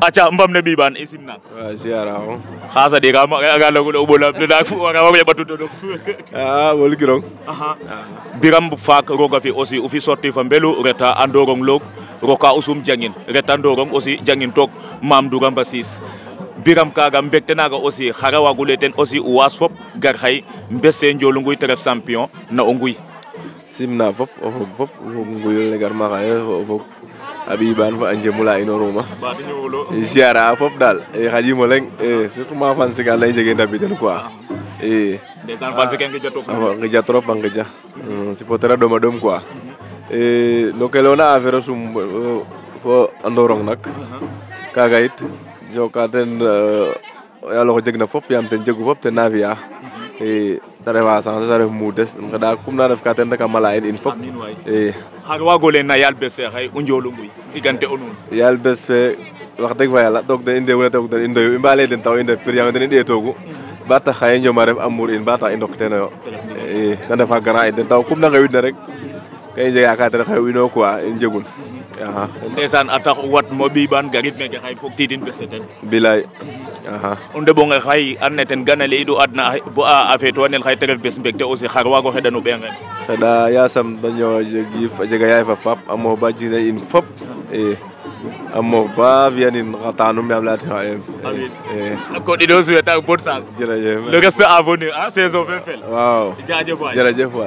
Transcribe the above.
aca mbamne ɓiɓan i simna a siaramo xa saɗe ka aga o waga wago ƴaɓa tuto ɗof biram faak roga fi aussi o fi sorti fa mbelu reta a ndorong loog roka o sum jangin reta ndorong aussi jangin took mamdoura mbasis biram kaga mbekte naga aussi xara wagule ten aussi o waas fop gar xay mbese njolonguy te ref champion na o nguy simna fop fop fop nguyul ne gar xaye o fop abiban fa anje mula ino roma eh, siara fop dal, i eh, xajimo leng eh, surtout ma fan siga lay njege ndabi den quoi i ndeysaan fan siga ah, ngija trop ngija trop hmm, nga ja ci potera doma dom quoi no ke leyona affaire sum fo andorong nak uh-huh. ka gayit jokaten ya lo jeg fop yam ten jegu fop ten navia e tara sãgs sã ref muudes da kumna ref ka ten rek a mala in in fop xar waago lay na yaal bes fe xaye o njoolunguy digante o nuun yaal bes fe wax deg fa yàlla toog den den i ndoyu i mba i ndef i mhm. ba tax xaye njoma ref amour in ba tax i ndok teenoyo eh, i ta ndef xa grand in den taw kum na ngewidna rek ka i njeg yaakaar ten xaye wiin o i njegun a tax o wat mo ɓiɓaan garid meke xaye foog tiidin bes fe ten bilaay unda bo nga xay anne ten gana adna bo a afet wanel xay teref bes mbekte aussi xar wago xedanu be ngeen xeda yasam dañu jegi jega yaay fa fap amo ba jina in fop e amo ba vianin xatanu mi am e, amin e ko dido suweta bon sens jërëjëf le reste à venir ah saison fe fel waaw jërëjëf waay jërëjëf